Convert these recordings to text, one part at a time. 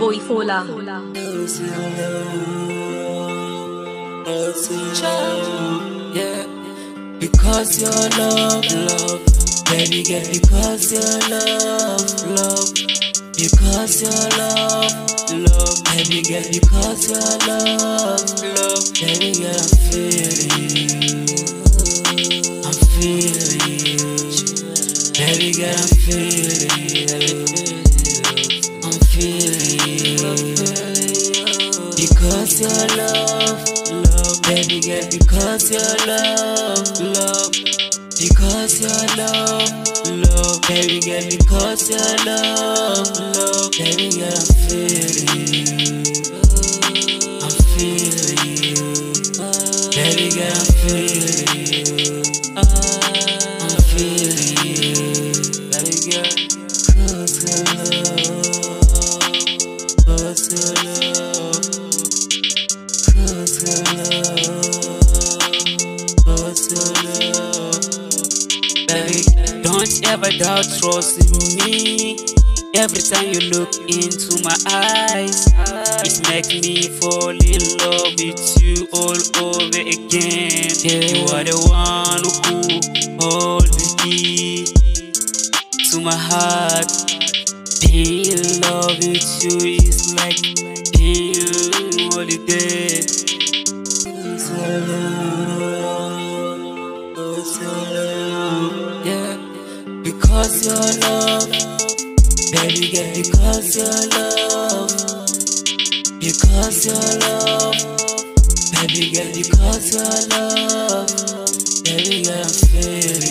Boifola. Yeah. Because your love, love, baby girl. Because your love, love. Because your love, love, baby girl. Because your love, love, baby girl. I'm feeling. Yeah, I'm feeling you. I'm feeling you. Because your love, love, baby girl, because your love, love. Because your love, love, baby girl, because your love, love, baby girl. don't ever doubt trust in me Every time you look into my eyes It makes me fall in love with you all over again You are the one who holds the key To my heart love you too is like you holiday. Yeah, because your love, baby girl, because your love, because your love, baby girl, because your love, baby girl, I'm feeling.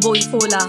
Boy Fola. Fola.